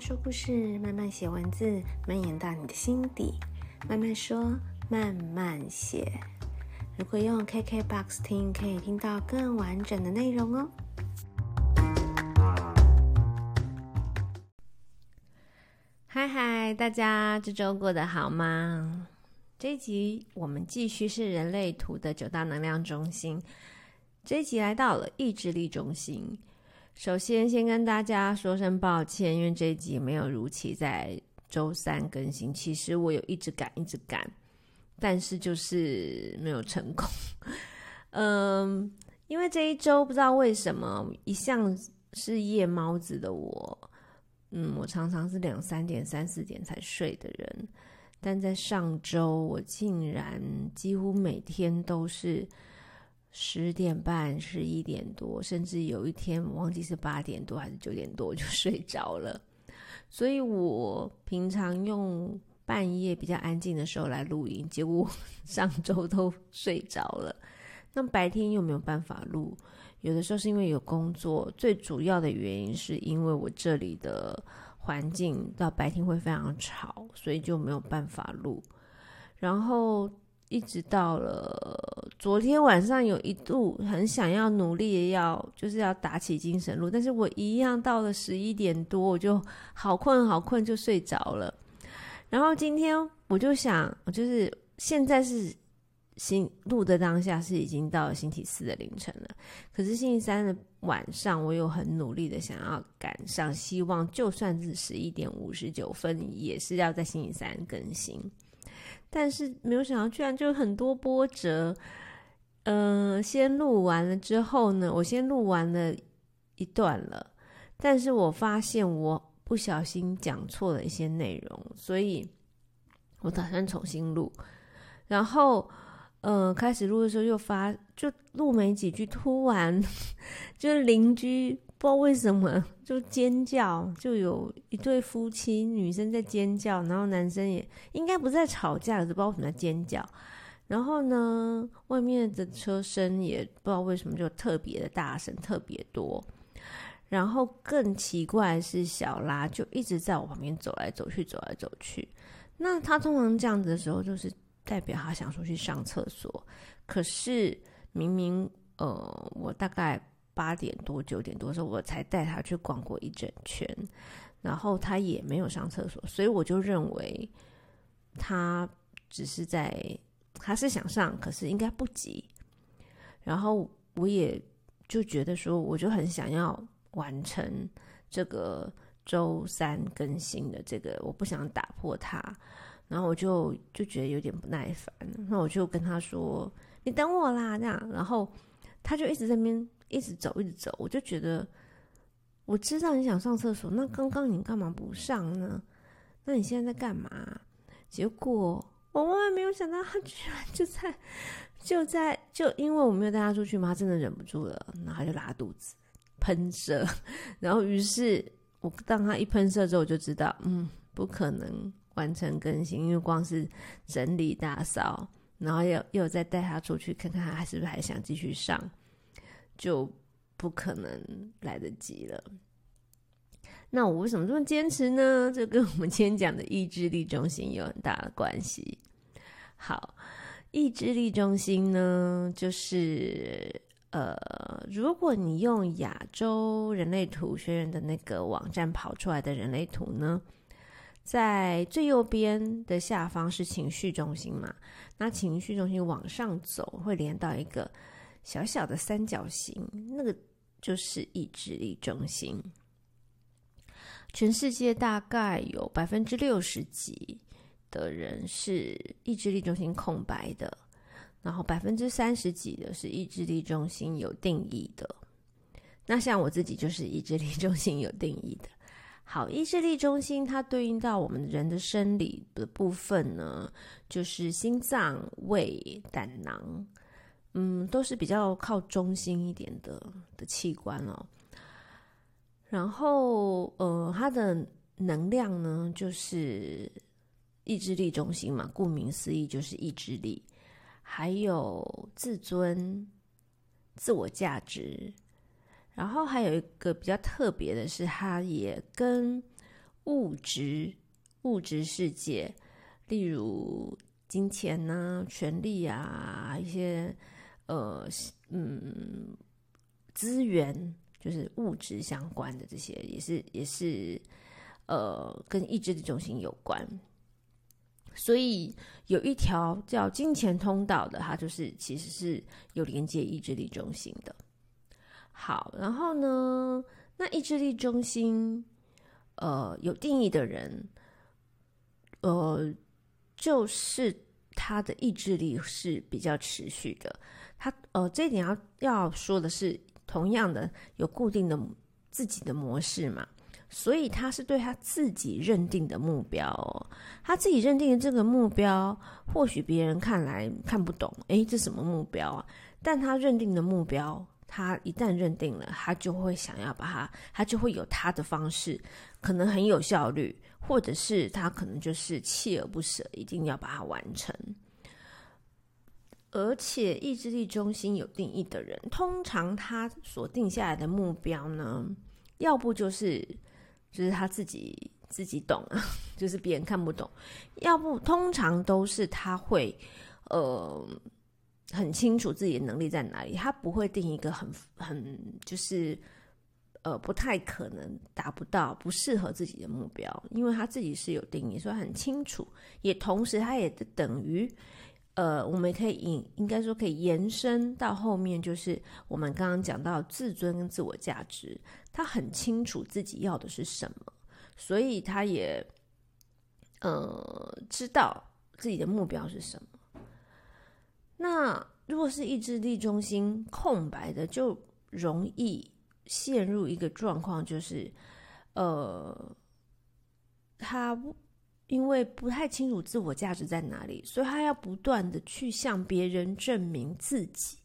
說故事，慢慢寫文字，蔓延到你的心底。慢慢說，慢慢寫。如果用 KK Box 聽，可以聽到更完整的內容哦。嗨嗨，大家，這周過得好嗎？這一集我們繼續是人類圖的九大能量中心，這一集來到了意志力中心。首先，先跟大家說聲抱歉，因為這一集沒有如期在周三更新。其實我有一直趕，一直趕，但是就是沒有成功。嗯，因為這一周不知道為什麼，一向是夜貓子的我，嗯，我常常是兩三點、三四點才睡的人，但在上周，我竟然幾乎每天都是。十點半、十一點多，甚至有一天我忘記是八點多還是九點多就睡着了。所以我平常用半夜比較安靜的時候來錄音，結果上周都睡着了。那白天又沒有辦法錄，有的時候是因為有工作，最主要的原因是因為我這裡的環境到白天會非常吵，所以就沒有辦法錄。然後。一直到了昨天晚上，有一度很想要努力要，要就是要打起精神錄，但是我一樣到了十一點多，我就好困好困，就睡着了。然後今天我就想，就是現在是星錄的當下是已經到了星期四的凌晨了，可是星期三的晚上，我又很努力的想要趕上，希望就算是十一點五十九分，也是要在星期三更新。但是沒有想到，居然就很多波折。嗯、呃，先錄完了之後呢，我先錄完了一段了。但是我發現我不小心講錯了一些內容，所以我打算重新錄。然後，嗯、呃，開始錄的時候又發，就錄沒幾句，突然就鄰居不知道為什麼。就尖叫，就有一對夫妻，女生在尖叫，然後男生也應該不在吵架，只是不知道什麼在尖叫。然後呢，外面的車聲也不知道為什麼就特別的大聲，特別多。然後更奇怪的是，小拉就一直在我旁邊走來走去，走來走去。那他通常這樣子的時候，就是代表他想出去上廁所。可是明明，呃，我大概。八點多九點多的時候，我才帶他去逛過一整圈，然後他也沒有上廁所，所以我就認為他只是在他是想上，可是應該不急。然後我也就覺得說，我就很想要完成這個周三更新的這個，我不想打破它。然後我就就覺得有點不耐煩，那我就跟他說：“你等我啦”，這樣。然後他就一直在那邊。一直走，一直走，我就覺得我知道你想上廁所，那剛剛你幹嘛不上呢？那你現在在幹嘛？結果我萬萬沒有想到，他居然就在就在就因為我沒有帶他出去嘛，他真的忍不住了，然後他就拉他肚子噴射，然後於是我當他一噴射之後，我就知道，嗯，不可能完成更新，因為光是整理打掃，然後又又再帶他出去看看他還是不是還想繼續上。就不可能來得及了。那我為什麼這麼堅持呢？這跟我們今天講的意志力中心有很大的關係。好，意志力中心呢，就是呃，如果你用亞洲人類圖學院的那個網站跑出來的人類圖呢，在最右邊的下方是情緒中心嘛，那情緒中心往上走會連到一個。小小的三角形，那個就是意志力中心。全世界大概有百分之六十幾的人是意志力中心空白的，然後百分之三十幾的是意志力中心有定義的。那像我自己就是意志力中心有定義的。好，意志力中心它對應到我們人的生理的部分呢，就是心臟、胃、膽囊。嗯，都是比較靠中心一點的的器官哦。然後，呃，它的能量呢，就是意志力中心嘛，顧名思義就是意志力，還有自尊、自我價值。然後還有一個比較特別的是，它也跟物質、物質世界，例如金錢吶、啊、權力啊一些。呃，嗯，資源就是物質相關的這些，也是也是，呃，跟意志力中心有關。所以有一條叫金錢通道的，它就是其實是有連接意志力中心的。好，然後呢，那意志力中心，呃，有定義的人，呃，就是他的意志力是比較持續的。呃，這一點要要說的是，同樣的有固定的自己的模式嘛，所以他是對他自己認定的目標哦。他自己認定的這個目標，或許別人看來看不懂，哎，這什麼目標啊？但他認定的目標，他一旦認定了，他就會想要把它，他就會有他的方式，可能很有效率，或者是他可能就是鍥而不舍，一定要把它完成。而且意志力中心有定義的人，通常他所定下來的目標呢，要不就是就是他自己自己懂啊，就是別人看不懂；要不通常都是他會，呃，很清楚自己的能力在哪裡，他不會定一個很很就是呃不太可能達不到、不適合自己的目標，因為他自己是有定義，所以很清楚，也同時他也等於。呃，我們可以引，應該說可以延伸到後面，就是我們剛剛講到自尊跟自我價值，他很清楚自己要的是什麼，所以他也呃知道自己的目標是什麼。那如果是意志力中心空白的，就容易陷入一個狀況，就是呃他。因為不太清楚自我價值在哪裡，所以他要不斷的去向別人證明自己。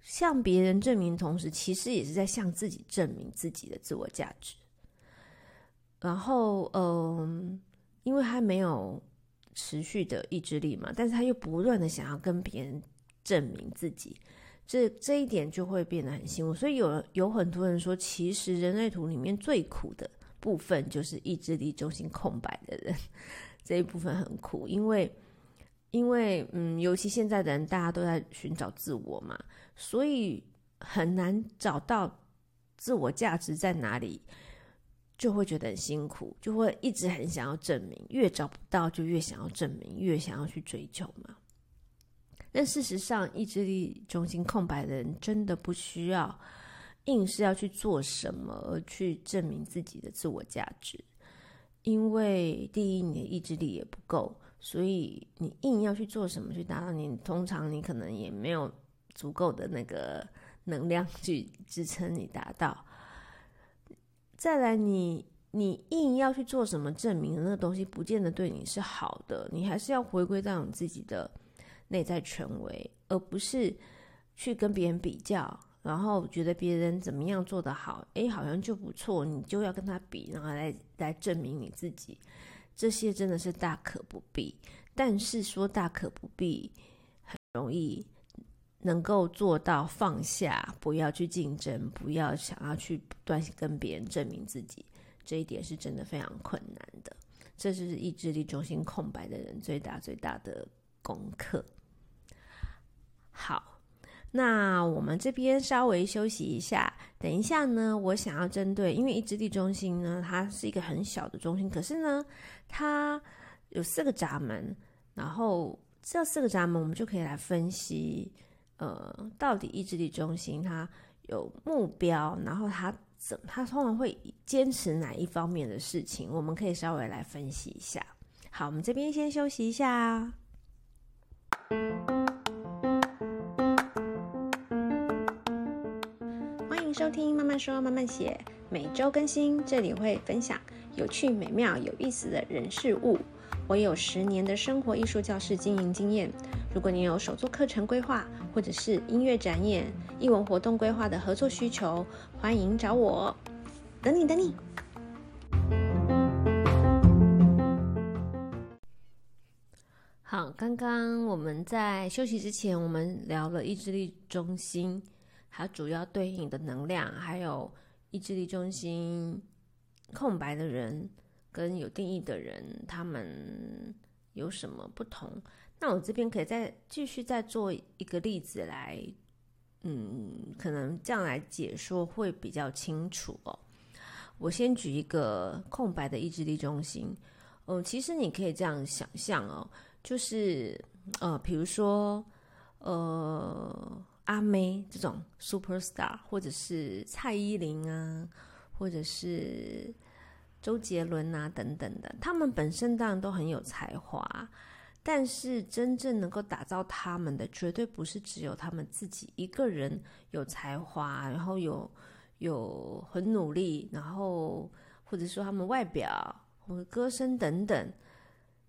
向別人證明同時，其實也是在向自己證明自己的自我價值。然後，嗯，因為他沒有持續的意志力嘛，但是他又不斷的想要跟別人證明自己，這這一點就會變得很辛苦。所以有有很多人說，其實人類圖裡面最苦的。部分就是意志力中心空白的人，這一部分很苦，因為，因為嗯，尤其現在的人，大家都在尋找自我嘛，所以很難找到自我價值在哪裡，就會覺得很辛苦，就會一直很想要證明，越找不到就越想要證明，越想要去追求嘛。但事實上，意志力中心空白的人真的不需要。硬是要去做什麼，而去證明自己的自我價值，因為第一，你的意志力也不夠，所以你硬要去做什麼去達到你，通常你可能也沒有足夠的那個能量去支撐你達到。再來你，你你硬要去做什麼證明那個東西，不見得對你是好的，你還是要回歸到你自己的內在權威，而不是去跟別人比較。然後覺得別人怎麼樣做得好，哎，好像就不錯，你就要跟他比，然後來來證明你自己，這些真的是大可不必。但是說大可不必，很容易能夠做到放下，不要去競爭，不要想要去不斷跟別人證明自己，這一點是真的非常困難的。這就是意志力中心空白的人最大最大的功課。好。那我們這邊稍微休息一下，等一下呢，我想要針對，因為意志力中心呢，它是一個很小的中心，可是呢，它有四個閘門，然後這四個閘門，我們就可以來分析，呃，到底意志力中心它有目標，然後它怎，它通常會堅持哪一方面的事情，我們可以稍微來分析一下。好，我們這邊先休息一下啊。 收聽，慢慢說，慢慢寫，每周更新。這裡會分享有趣、美妙、有意思的人事物。我有十年的生活藝術教室經營經驗。如果你有手作課程規劃，或者是音樂展演、藝文活動規劃的合作需求，歡迎找我。等你，等你。好，剛剛我們在休息之前，我們聊了意志力中心。還有主要對應的能量，還有意志力中心、空白的人跟有定義的人，他們有什麼不同？那我這邊可以再繼續再做一個例子來，嗯，可能這樣來解說會比較清楚哦。我先舉一個空白的意志力中心，嗯，其實你可以這樣想象哦，就是呃，比如說呃。阿妹這種 superstar，或者是蔡依林啊，或者是周杰倫啊等等的，他們本身當然都很有才華，但是真正能夠打造他們的，絕對不是只有他們自己一個人有才華，然後有有很努力，然後或者說他們外表或者歌聲等等，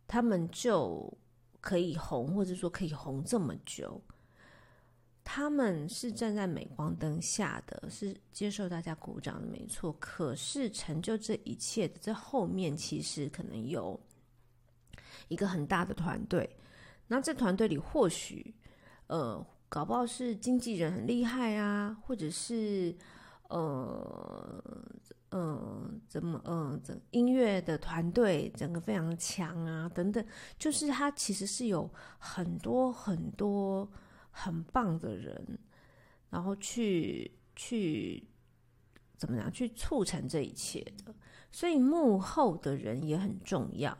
他們就可以紅，或者說可以紅這麼久。他們是站在鎂光燈下的，是接受大家鼓掌的，沒錯。可是成就這一切的，這後面其實可能有一個很大的團隊。那這團隊裡，或許呃，搞不好是經紀人很厲害啊，或者是呃呃怎麼呃，音樂的團隊整個非常強啊，等等。就是他其實是有很多很多。很棒的人，然後去去怎麼樣去促成這一切的。所以幕後的人也很重要。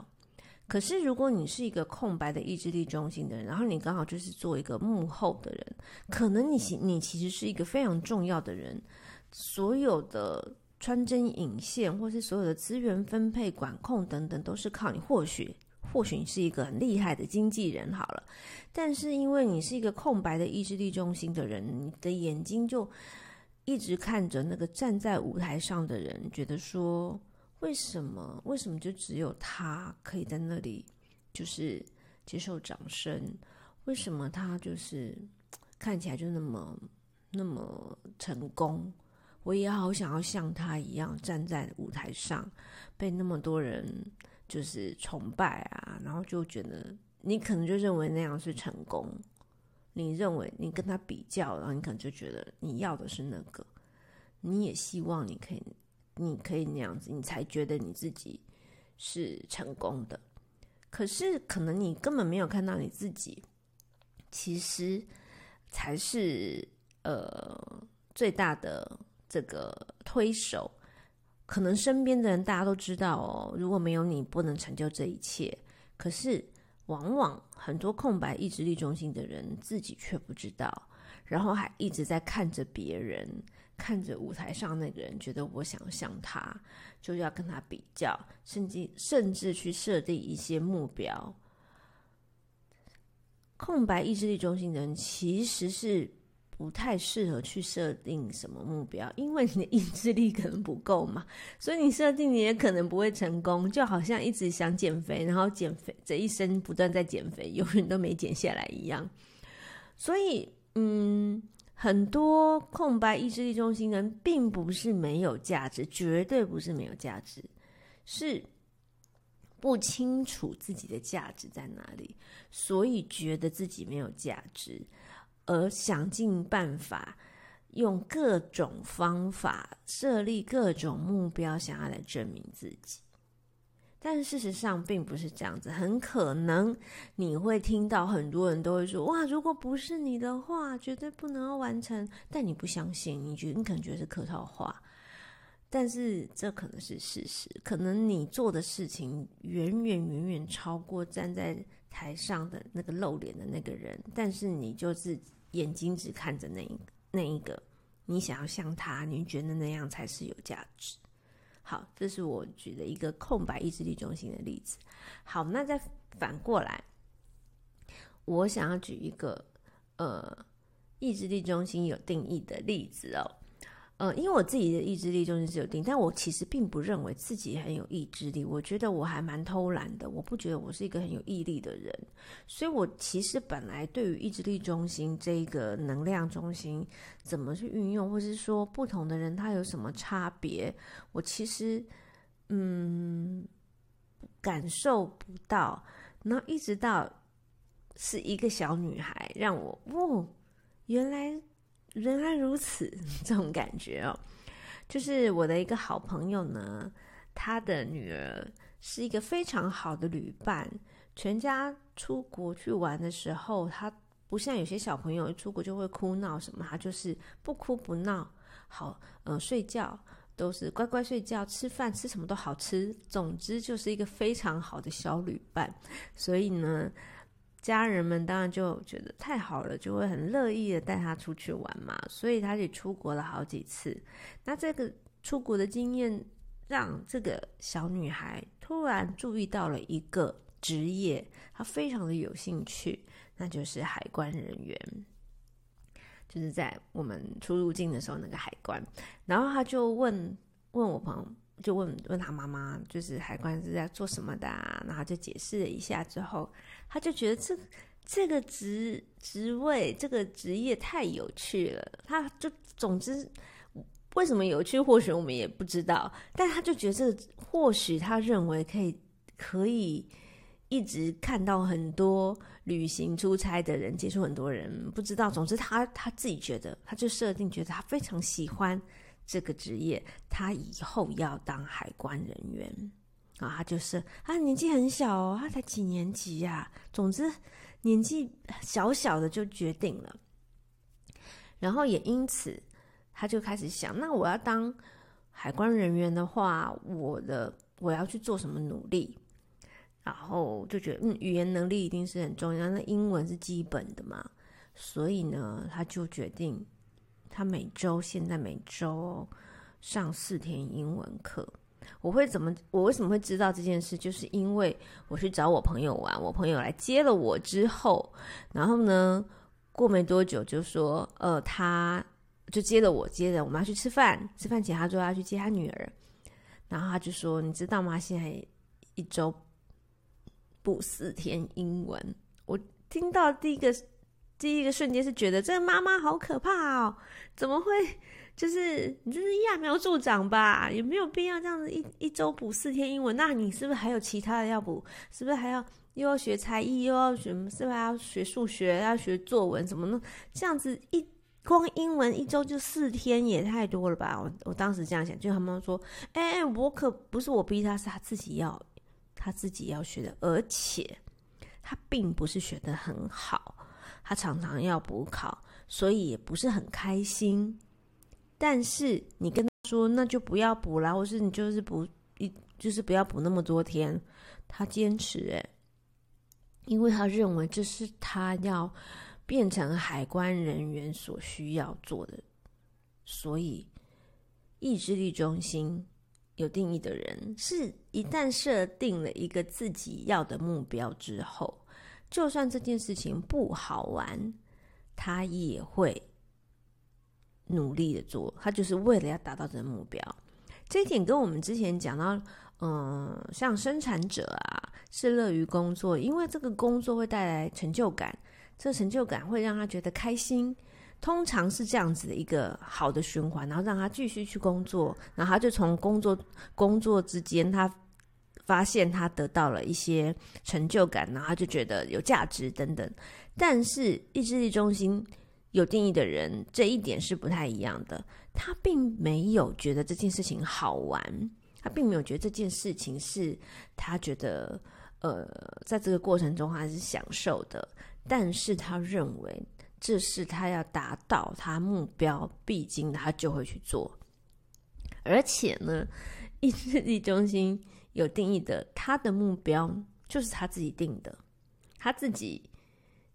可是如果你是一個空白的意志力中心的人，然後你剛好就是做一個幕後的人，可能你你其實是一個非常重要的人，所有的穿針引線或是所有的資源分配管控等等，都是靠你，或許。或許你是一個很厲害的經紀人，好了，但是因為你是一個空白的意志力中心的人，你的眼睛就一直看着那個站在舞台上的人，覺得說，為什麼，為什麼就只有他可以在那裡就是接受掌聲？為什麼他就是看起來就那麼，那麼成功？我也好想要像他一樣站在舞台上，被那麼多人。就是崇拜啊，然後就覺得你可能就認為那樣是成功，你認為你跟他比較，然後你可能就覺得你要的是那個，你也希望你可以，你可以那樣子，你才覺得你自己是成功的。可是可能你根本沒有看到你自己，其實才是呃最大的這個推手。可能身邊的人大家都知道哦，如果沒有你，不能成就這一切。可是，往往很多空白意志力中心的人自己卻不知道，然後還一直在看着別人，看着舞台上那個人，覺得我想像他，就要跟他比較，甚至甚至去設定一些目標。空白意志力中心的人其實是。不太適合去設定什麼目標，因為你的意志力可能不夠嘛，所以你設定你也可能不會成功，就好像一直想減肥，然後減肥這一生不斷在減肥，永遠都沒減下來一樣。所以，嗯，很多空白意志力中心人並不是沒有價值，絕對不是沒有價值，是不清楚自己的價值在哪裡，所以覺得自己沒有價值。而想盡辦法，用各種方法設立各種目標，想要來證明自己。但事實上並不是這樣子，很可能你會聽到很多人都會說：“哇，如果不是你的話，絕對不能要完成。”但你不相信，你覺得你可能覺得是客套話，但是這可能是事實。可能你做的事情遠遠遠遠超過站在。台上的那個露臉的那個人，但是你就是眼睛只看着那一那一個，你想要像他，你覺得那樣才是有價值。好，這是我舉的一個空白意志力中心的例子。好，那再反過來，我想要舉一個呃意志力中心有定義的例子哦。嗯，因為我自己的意志力就是是有定，但我其實並不認為自己很有意志力。我覺得我還蠻偷懶的，我不覺得我是一個很有毅力的人。所以我其實本來對於意志力中心這個能量中心怎麼去運用，或是說不同的人他有什麼差別，我其實嗯感受不到。然後一直到是一個小女孩讓我哦，原來。原來如此，這種感覺哦、喔，就是我的一個好朋友呢，他的女兒是一個非常好的旅伴。全家出國去玩的時候，他不像有些小朋友一出國就會哭鬧什麼，他就是不哭不鬧，好，嗯、呃，睡覺都是乖乖睡覺，吃飯吃什麼都好吃，總之就是一個非常好的小旅伴。所以呢。家人們當然就覺得太好了，就會很樂意的帶她出去玩嘛，所以她也出國了好幾次。那這個出國的經驗讓這個小女孩突然注意到了一個職業，她非常的有興趣，那就是海關人員，就是在我們出入境的時候那個海關。然後她就問問我朋友。就問問他媽媽，就是海關是在做什麼的啊？然後就解釋了一下之後，他就覺得這這個職職位這個職業太有趣了。他就總之為什麼有趣，或許我們也不知道。但他就覺得這，或許他認為可以可以一直看到很多旅行出差的人，接觸很多人，不知道。總之他，他他自己覺得，他就設定覺得他非常喜歡。這個職業，他以後要當海關人員啊！然後他就是啊，他年紀很小哦，他才幾年級呀，啊？總之，年紀小小的就決定了。然後也因此，他就開始想：那我要當海關人員的話，我的我要去做什麼努力？然後就覺得，嗯，語言能力一定是很重要，那英文是基本的嘛，所以呢，他就決定。他每週現在每週上四天英文課。我會怎麼？我為什麼會知道這件事？就是因為我去找我朋友玩，啊，我朋友來接了我之後，然後呢，過沒多久就說：“呃，他就接了我，接着我們要去吃飯。吃飯前，他說要去接他女兒。然後他就說：你知道嗎？現在一週補四天英文。”我聽到第一個。第一個瞬間是覺得這個媽媽好可怕哦、喔，怎麼會？就是你就是揠苗助長吧？也沒有必要這樣子一一周補四天英文。那你是不是還有其他的要補？是不是還要又要學才藝，又要學是不是還要學數學，要學作文？怎麼弄？這樣子一光英文一周就四天也太多了吧？我我當時這樣想，就他媽媽說：“哎、欸，我可不是我逼他，是他自己要他自己要學的，而且他並不是學的很好。”他常常要補考，所以也不是很開心。但是你跟他說，那就不要補啦，或是你就是不一就是不要補那麼多天，他堅持誒、欸，因為他認為這是他要變成海關人員所需要做的。所以意志力中心有定義的人，是一旦設定了一個自己要的目標之後。就算這件事情不好玩，他也會努力的做。他就是為了要達到這個目標。這一點跟我們之前講到，嗯，像生產者啊，是樂於工作，因為這個工作會帶來成就感，這個成就感會讓他覺得開心。通常是這樣子的一個好的循環，然後讓他繼續去工作，然後他就從工作工作之間他。發現他得到了一些成就感，然後他就覺得有價值等等。但是意志力中心有定義的人，這一點是不太一樣的。他並沒有覺得這件事情好玩，他並沒有覺得這件事情是他覺得呃，在這個過程中他是享受的。但是他認為這是他要達到他目標必經，畢竟他就會去做。而且呢，意志力中心。有定義的，他的目標就是他自己定的，他自己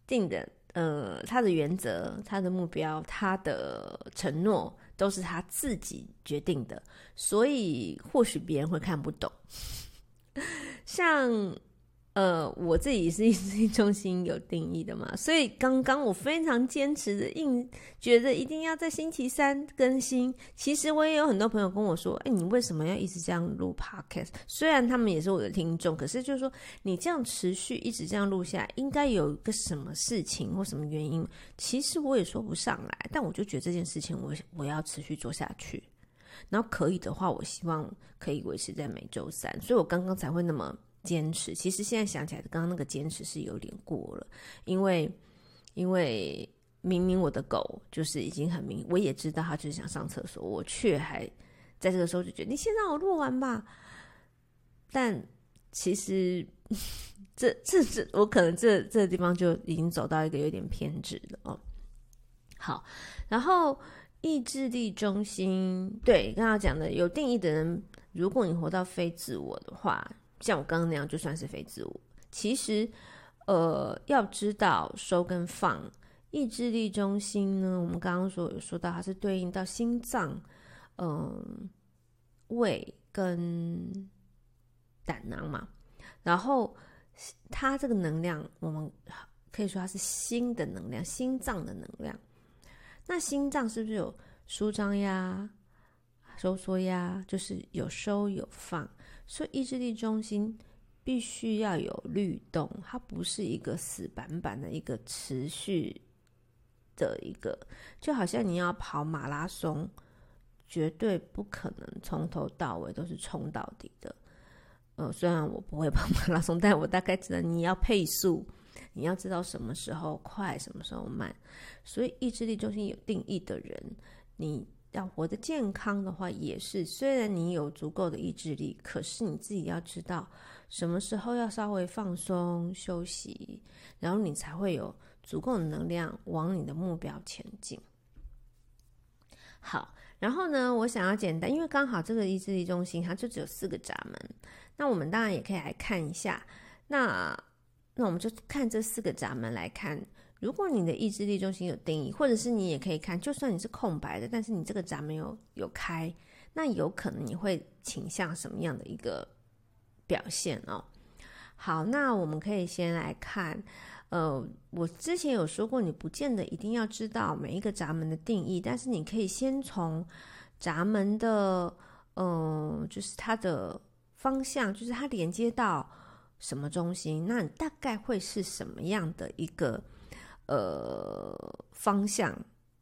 定的，呃，他的原則、他的目標、他的承諾都是他自己決定的，所以或許別人會看不懂， 像。呃，我自己是意志中心有定義的嘛，所以剛剛我非常堅持的硬，硬覺得一定要在星期三更新。其實我也有很多朋友跟我說：“哎、欸，你為什麼要一直這樣錄 Podcast？” 雖然他們也是我的聽眾，可是就是說，你這樣持續一直這樣錄下來，應該有一個什麼事情或什麼原因？其實我也說不上來，但我就覺得這件事情我，我我要持續做下去。然後可以的話，我希望可以維持在每周三，所以我剛剛才會那麼。堅持，其實現在想起來，剛剛那個堅持是有點過了，因為因為明明我的狗就是已經很明，我也知道它就是想上廁所，我卻還在這個時候就覺得你先讓我錄完吧。但其實這這這，我可能這這個地方就已經走到一個有點偏執了哦。好，然後意志力中心，對，剛剛講的有定義的人，如果你活到非自我的話。像我剛剛那樣，就算是非自我。其實，呃，要知道收跟放。意志力中心呢，我們剛剛說有說到，它是對應到心臟、嗯、呃、胃跟膽囊嘛。然後，它這個能量，我們可以說它是心的能量，心臟的能量。那心臟是不是有舒張壓、收縮壓，就是有收有放？所以意志力中心必須要有律動，它不是一個死板板的一個持續的一個，就好像你要跑馬拉松，絕對不可能從頭到尾都是衝到底的。呃，雖然我不會跑馬拉松，但我大概知道你要配速，你要知道什麼時候快，什麼時候慢。所以意志力中心有定義的人，你。要活得健康的話，也是雖然你有足夠的意志力，可是你自己要知道什麼時候要稍微放鬆休息，然後你才會有足夠的能量往你的目標前進。好，然後呢，我想要簡單，因為剛好這個意志力中心它就只有四個閘門，那我們當然也可以來看一下，那那我們就看這四個閘門來看。如果你的意志力中心有定義，或者是你也可以看，就算你是空白的，但是你這個閘門有有開，那有可能你會傾向什麼樣的一個表現哦？好，那我們可以先來看，呃，我之前有說過，你不見得一定要知道每一個閘門的定義，但是你可以先從閘門的，嗯、呃，就是它的方向，就是它連接到什麼中心，那你大概會是什麼樣的一個？呃，方向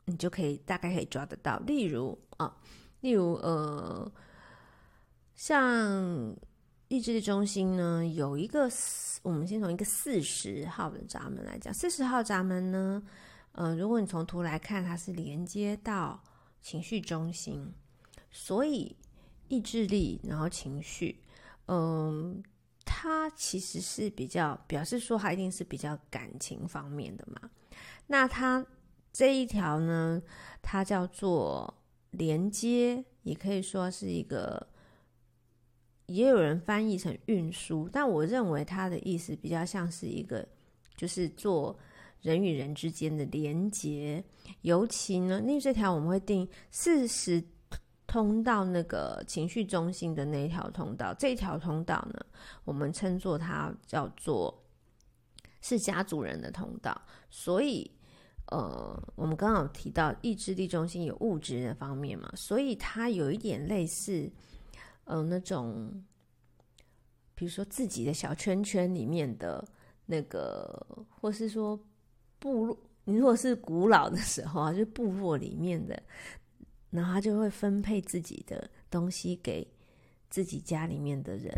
你就可以大概可以抓得到。例如啊、哦，例如呃，像意志力中心呢，有一個，我們先從一個四十號的閘門來講。四十號閘門呢，呃，如果你從圖來看，它是連接到情緒中心，所以意志力，然後情緒，嗯、呃。它其實是比較表示說，它一定是比較感情方面的嘛。那它這一條呢，它叫做連接，也可以說是一個，也有人翻譯成運輸，但我認為它的意思比較像是一個，就是做人與人之間的連接。尤其呢，那這條我們會定四十，通到那個情緒中心的那一條通道，這一條通道呢，我們稱作它叫做是家族人的通道。所以，呃，我們剛剛有提到意志力中心有物質的方面嘛，所以它有一點類似，呃，那種，比如說自己的小圈圈裡面的那個，或是說部落，你如果是古老的時候啊，就是部落裡面的。然後他就會分配自己的東西給自己家裡面的人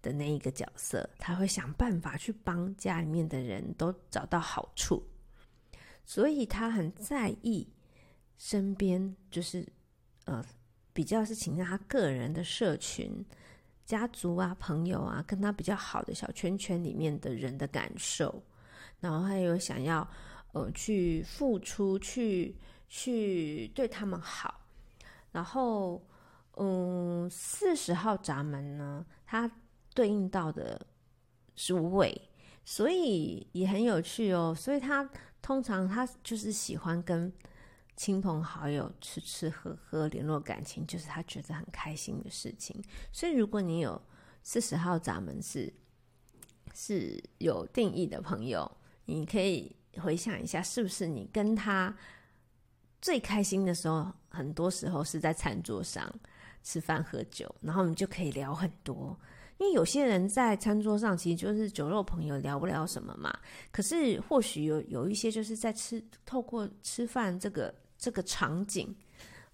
的那一個角色，他會想辦法去幫家裡面的人都找到好處，所以他很在意身邊，就是呃比較是傾向他個人的社群、家族啊、朋友啊跟他比較好的小圈圈裡面的人的感受，然後還有想要呃去付出去、去去對他們好。然後，嗯，四十號閘門呢，它對應到的是胃，所以也很有趣哦。所以他通常他就是喜歡跟親朋好友吃吃喝喝，聯絡感情，就是他覺得很開心的事情。所以如果你有四十號閘門是是有定義的朋友，你可以回想一下，是不是你跟他最開心的時候。很多時候是在餐桌上吃飯喝酒，然後你就可以聊很多。因為有些人在餐桌上其實就是酒肉朋友聊不了什麼嘛。可是或許有有一些就是在吃，透過吃飯這個這個場景，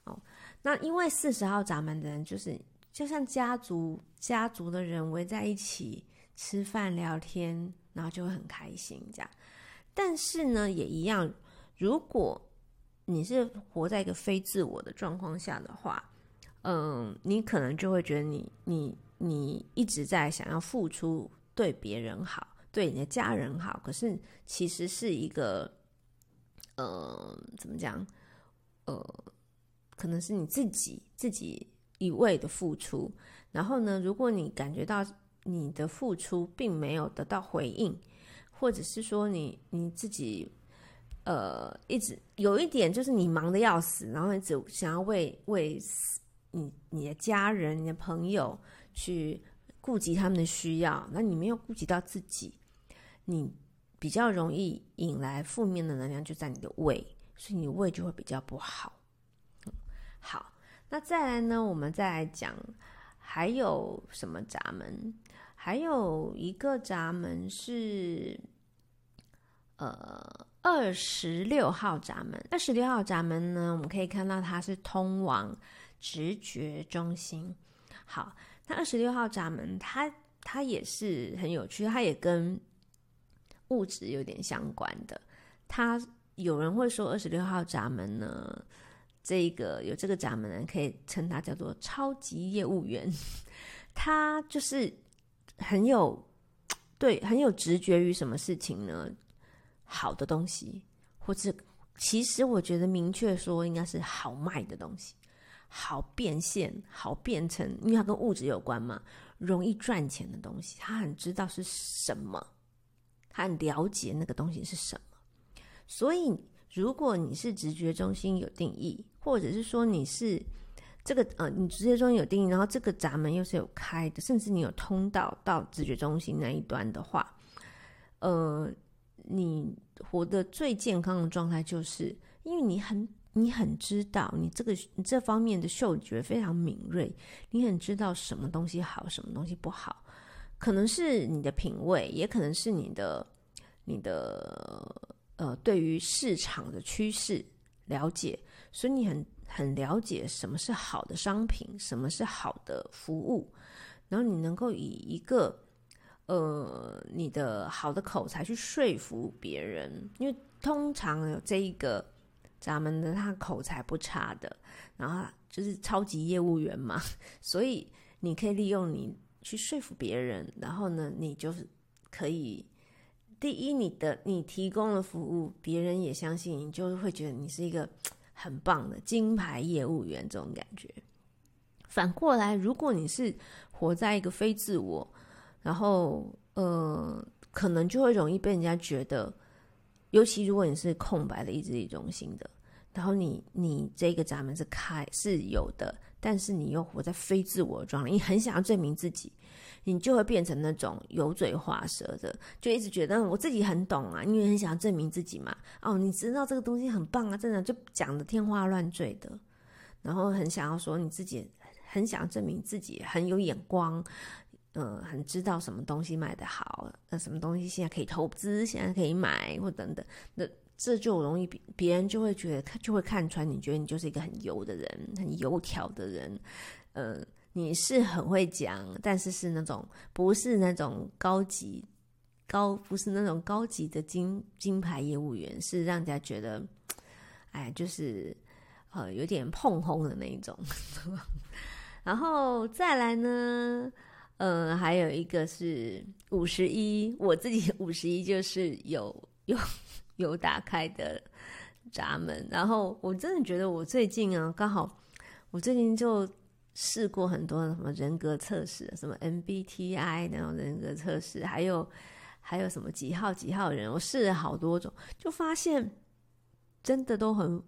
哦，那因為四十號閘門的人就是就像家族家族的人圍在一起吃飯聊天，然後就會很開心這樣。但是呢，也一樣，如果。你是活在一個非自我的狀況下的話，嗯、呃，你可能就會覺得你你你一直在想要付出，對別人好，對你的家人好，可是其實是一個，呃，怎麼講？呃，可能是你自己自己一味的付出，然後呢，如果你感覺到你的付出並沒有得到回應，或者是說你你自己。呃，一直有一點就是你忙得要死，然後你只想要為為你你的家人，你的朋友去顧及他們的需要，那你沒有顧及到自己，你比較容易引來負面的能量就在你的胃，所以你胃就會比較不好。嗯，好，那再來呢，我們再來講還有什麼閘門，還有一個閘門是，呃。二十六號閘門，二十六號閘門呢？我們可以看到它是通往直覺中心。好，那二十六號閘門，它它也是很有趣，它也跟物質有點相關的。他有人會說二十六號閘門呢，這個有這個閘門可以稱它叫做超級業務員。他就是很有，對，很有直覺於什麼事情呢？好的東西，或者其實我覺得明確說應該是好賣的東西，好變現、好變成，因為它跟物質有關嘛，容易賺錢的東西，他很知道是什麼，他很了解那個東西是什麼。所以，如果你是直覺中心有定義，或者是說你是這個呃，你直覺中心有定義，然後這個閘門又是有開的，甚至你有通道到直覺中心那一端的話，呃。你活得最健康的狀態，就是因為你很你很知道你這個你這方面的嗅覺非常敏銳，你很知道什麼東西好，什麼東西不好，可能是你的品味，也可能是你的你的呃對於市場的趨勢了解，所以你很很了解什麼是好的商品，什麼是好的服務，然後你能夠以一個。呃，你的好的口才去說服別人，因為通常有這一個，咱們的他口才不差的，然後就是超級業務員嘛，所以你可以利用你去說服別人，然後呢，你就是可以，第一，你的你提供的服務，別人也相信，你就會覺得你是一個很棒的金牌業務員這種感覺。反過來，如果你是活在一個非自我。然後，呃，可能就會容易被人家覺得，尤其如果你是空白的、意志力中心的，然後你你這個閘門是開是有的，但是你又活在非自我狀態，你很想要證明自己，你就會變成那種油嘴滑舌的，就一直覺得我自己很懂啊，因為很想要證明自己嘛。哦，你知道這個東西很棒啊，真的就講的天花亂墜的，然後很想要說你自己，很想要證明自己很有眼光。嗯，很知道什麼東西賣得好，那什麼東西現在可以投資，現在可以買或等等，那這就容易別別人就會覺得，他就會看穿，你覺得你就是一個很油的人，很油條的人，呃、嗯，你是很會講，但是是那種不是那種高級高，不是那種高級的金金牌業務員，是讓人家覺得，哎，就是呃有點碰轟的那一種， 然後再來呢？嗯、呃，還有一個是五十一，我自己五十一就是有有有打開的閘門。然後我真的覺得我最近啊，剛好我最近就試過很多什麼人格測試，什麼 MBTI 那種人格測試，還有還有什麼幾號幾號人，我試了好多種，就發現真的都很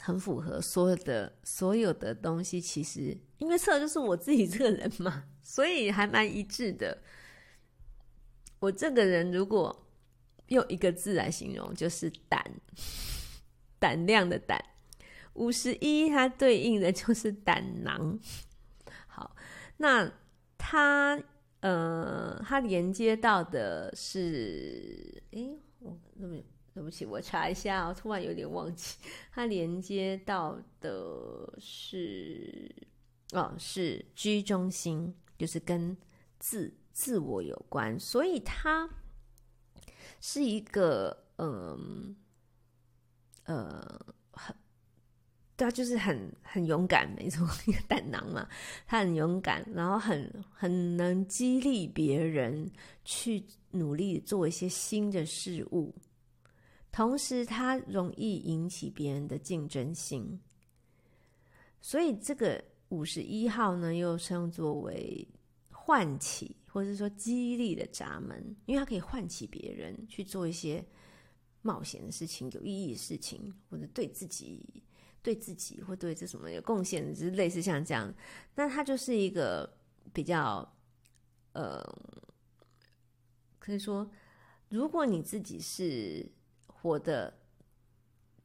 很符合所有的所有的東西。其實因為測的就是我自己這個人嘛。所以還蠻一致的。我這個人如果用一個字來形容，就是膽，膽量的膽。五十一，它對應的就是膽囊。好，那它，呃，它連接到的是，哎、欸，我那麼對不起，我查一下，我突然有點忘記，它連接到的是，哦，是 G 中心。就是跟自自我有關，所以他是一個嗯呃，呃很、對啊、就是很很勇敢，沒錯，膽囊嘛，他很勇敢，然後很很能激勵別人去努力做一些新的事物，同時他容易引起別人的競爭性。所以這個。五十一號呢，又稱作為喚起或者是說激勵的閘門，因為它可以喚起別人去做一些冒險的事情、有意義的事情，或者對自己、對自己或者對這什麼有貢獻的，就是類似像這樣。那它就是一個比較，嗯、呃、可以說，如果你自己是活得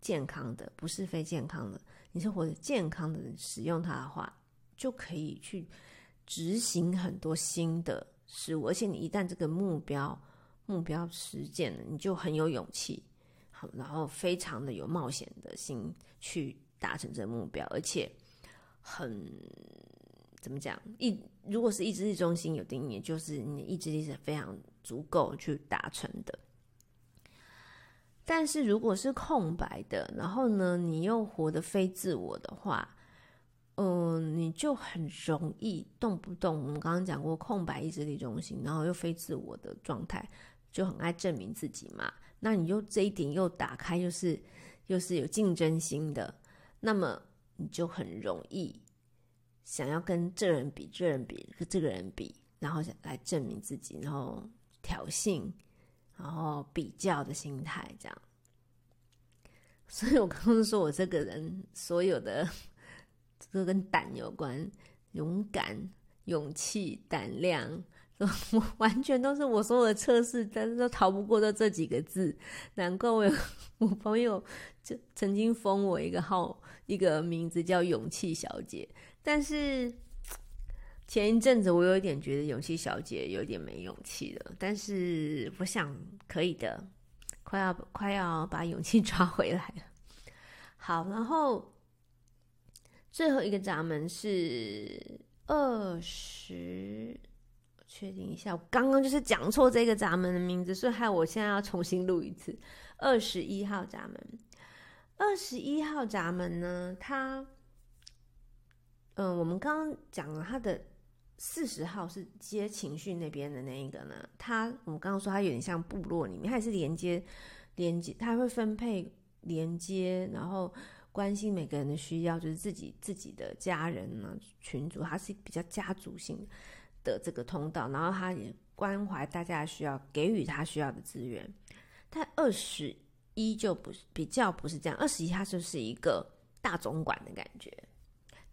健康的，不是非健康的，你是活得健康的，使用它的話。就可以去執行很多新的事物，而且你一旦這個目標目標實現了，你就很有勇氣，好，然後非常的有冒險的心去達成這個目標，而且很，怎麼講，意，如果是意志力中心有定義，就是你意志力是非常足夠去達成的。但是如果是空白的，然後呢，你又活得非自我的話。嗯，你就很容易動不動，我們剛剛講過空白意志力中心，然後又非自我的狀態，就很愛證明自己嘛。那你又這一點又打開，又是又是有競爭心的，那麼你就很容易想要跟這個人比，這個人比，跟這個人比，然後想來證明自己，然後挑釁，然後比較的心態這樣。所以我剛剛說我這個人所有的。這個跟膽有關，勇敢、勇氣、膽量，完全都是我所有的測試，但是都逃不過的這幾個字。難怪我我朋友就曾經封我一個號，一個名字叫勇氣小姐。但是前一陣子我有一點覺得勇氣小姐有點沒勇氣了，但是我想可以的，快要快要把勇氣抓回來了。好，然後。最後一個閘門是二十，我確定一下，我剛剛就是講錯這個閘門的名字，所以害我現在要重新錄一次。二十一號閘門，二十一號閘門呢？它，嗯、呃，我們剛剛講了它的四十號是接情緒那邊的那一個呢，它我們剛剛說它有點像部落裡面，它也是連接，連接，它會分配連接，然後。關心每個人的需要，就是自己自己的家人呢、啊、群主，他是比較家族性的這個通道，然後他也關懷大家需要，給予他需要的資源。但二十一就不是比較不是這樣，二十一他就是一個大總管的感覺，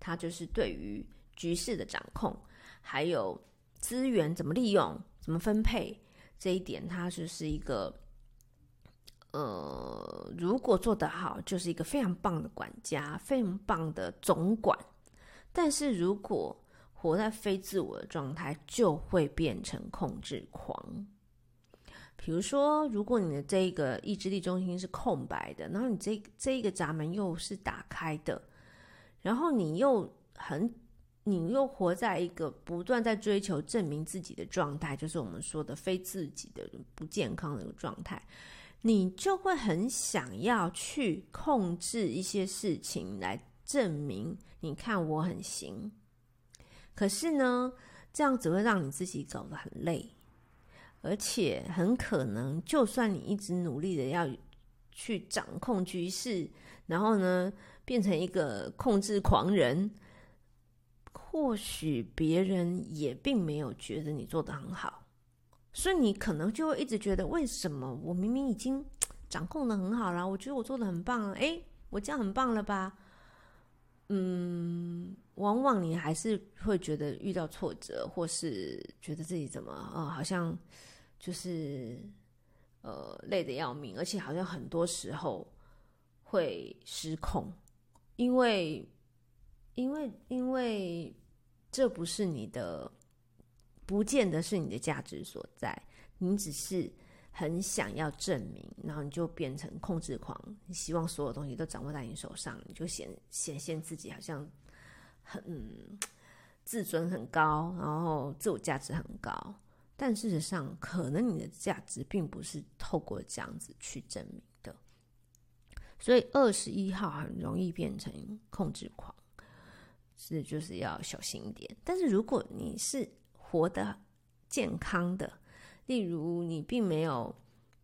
他就是對於局勢的掌控，還有資源怎麼利用、怎麼分配這一點，他就是一個。呃，如果做得好，就是一個非常棒的管家，非常棒的總管。但是如果活在非自我的狀態，就會變成控制狂。比如說，如果你的這一個意志力中心是空白的，然後你這這一個閘門又是打開的，然後你又很，你又活在一個不斷在追求證明自己的狀態，就是我們說的非自己的不健康的一個狀態。你就會很想要去控制一些事情來證明，你看我很行。可是呢，這樣只會讓你自己走得很累，而且很可能，就算你一直努力的要去掌控局勢，然後呢，變成一個控制狂人，或許別人也並沒有覺得你做得很好。所以你可能就會一直覺得，為什麼我明明已經掌控的很好了，我覺得我做的很棒，誒、欸，我這樣很棒了吧？嗯，往往你還是會覺得遇到挫折，或是覺得自己怎麼啊、呃，好像就是呃累得要命，而且好像很多時候會失控，因為因為因為這不是你的。不見得是你的價值所在，你只是很想要證明，然後你就變成控制狂，你希望所有東西都掌握在你手上，你就顯顯現自己好像很、嗯、自尊很高，然後自我價值很高，但事實上可能你的價值並不是透過這樣子去證明的，所以二十一號很容易變成控制狂，是，就是要小心一點。但是如果你是活得健康的，例如你並沒有，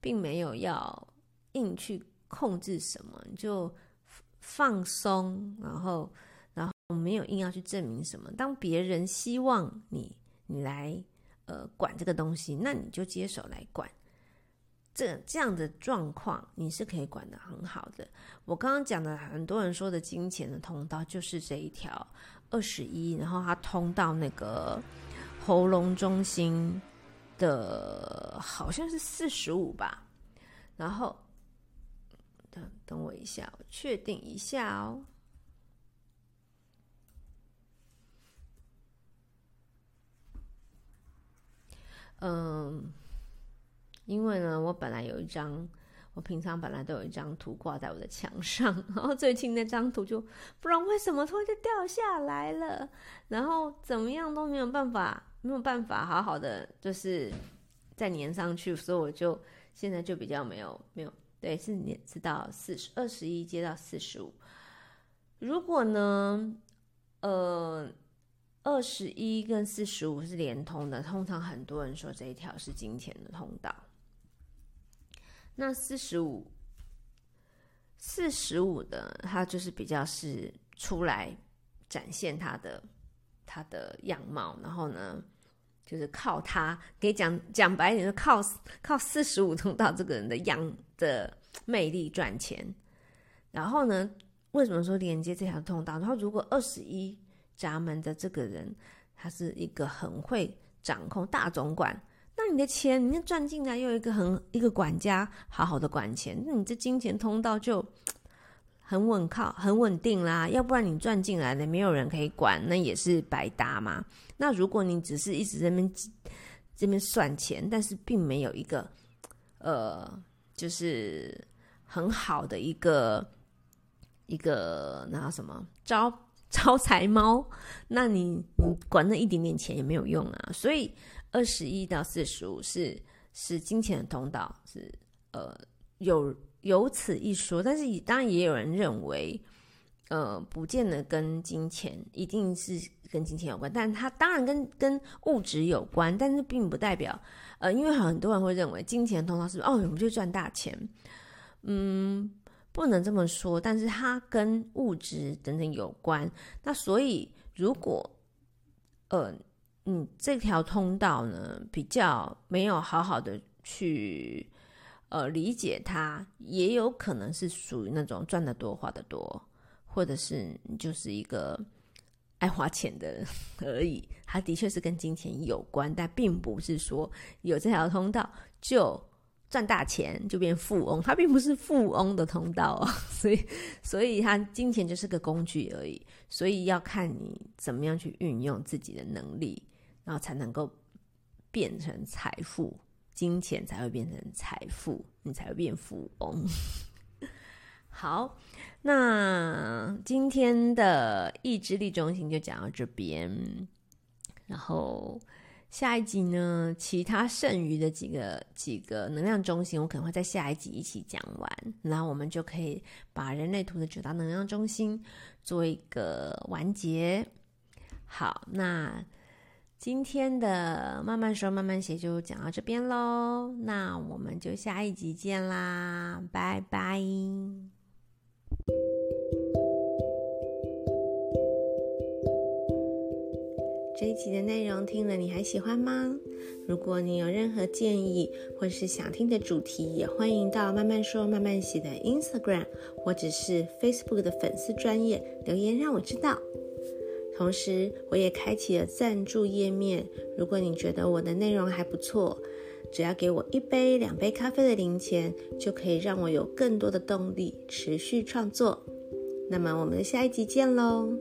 並沒有要硬去控制什麼，你就放鬆，然後然後沒有硬要去證明什麼。當別人希望你你來呃管這個東西，那你就接手來管。這這樣的狀況，你是可以管得很好的。我剛剛講的很多人說的金錢的通道，就是這一條二十一，然後它通到那個。喉嚨中心的，好像是四十五吧。然後，等等我一下，我確定一下哦。嗯，因為呢，我本來有一張，我平常本來都有一張圖掛在我的牆上，然後最近那張圖就不知道為什麼突然就掉下來了，然後怎麼樣都沒有辦法。沒有辦法好好的，就是再粘上去，所以我就現在就比較沒有沒有，對，是粘，知道四十二十一接到四十五。如果呢，呃，二十一跟四十五是連通的，通常很多人說這一條是金錢的通道。那四十五，四十五的它就是比較是出來展現它的。他的樣貌，然後呢，就是靠他，給講講白點，就靠靠四十五通道這個人的樣，的魅力賺錢。然後呢，為什麼說連接這條通道？然後如果二十一閘門的這個人，他是一個很會掌控大總管，那你的錢，你就賺進來又有一個很一個管家，好好的管錢，那你這金錢通道就。很穩靠，很穩定啦。要不然你賺進來的，沒有人可以管，那也是白搭嘛。那如果你只是一直在那邊這邊算錢，但是並沒有一個呃，就是很好的一個一個那什麼招招財貓，那你你管那一點點錢也沒有用啊。所以二十一到四十五是是金錢的通道，是呃有，有此一說，但是當然也有人認為，呃，不見得跟金錢一定是跟金錢有關，但它當然跟跟物質有關，但是並不代表，呃，因為很多人會認為金錢通道是哦，我們就賺大錢，嗯，不能這麼說，但是它跟物質等等有關，那所以如果，呃，你、嗯、這條通道呢比較沒有好好的去。呃，理解他，也有可能是屬於那種賺得多、花得多，或者是就是一個愛花錢的人而已。他的確是跟金錢有關，但並不是說有這條通道就賺大錢、就變富翁。他並不是富翁的通道啊，哦，所以，所以他金錢就是個工具而已。所以要看你怎麼樣去運用自己的能力，然後才能夠變成財富。金錢才會變成財富，你才會變富翁。 好，那今天的意志力中心就講到這邊，然後下一集呢，其他剩餘的幾個幾個能量中心，我可能會在下一集一起講完，然後我們就可以把人類圖的九大能量中心做一個完結。好，那。今天的蔓蔓說蔓蔓寫就講到這邊嘍，那我們就下一集見啦，拜拜！這一集的內容聽了你還喜歡嗎？如果你有任何建議或是想聽的主題，也歡迎到蔓蔓說蔓蔓寫的 Instagram 或者是 Facebook 的粉絲專頁留言讓我知道。同時，我也開啟了贊助頁面。如果你覺得我的內容還不錯，只要給我一杯、兩杯咖啡的零錢，就可以讓我有更多的動力持續創作。那麼，我們下一集見嘍！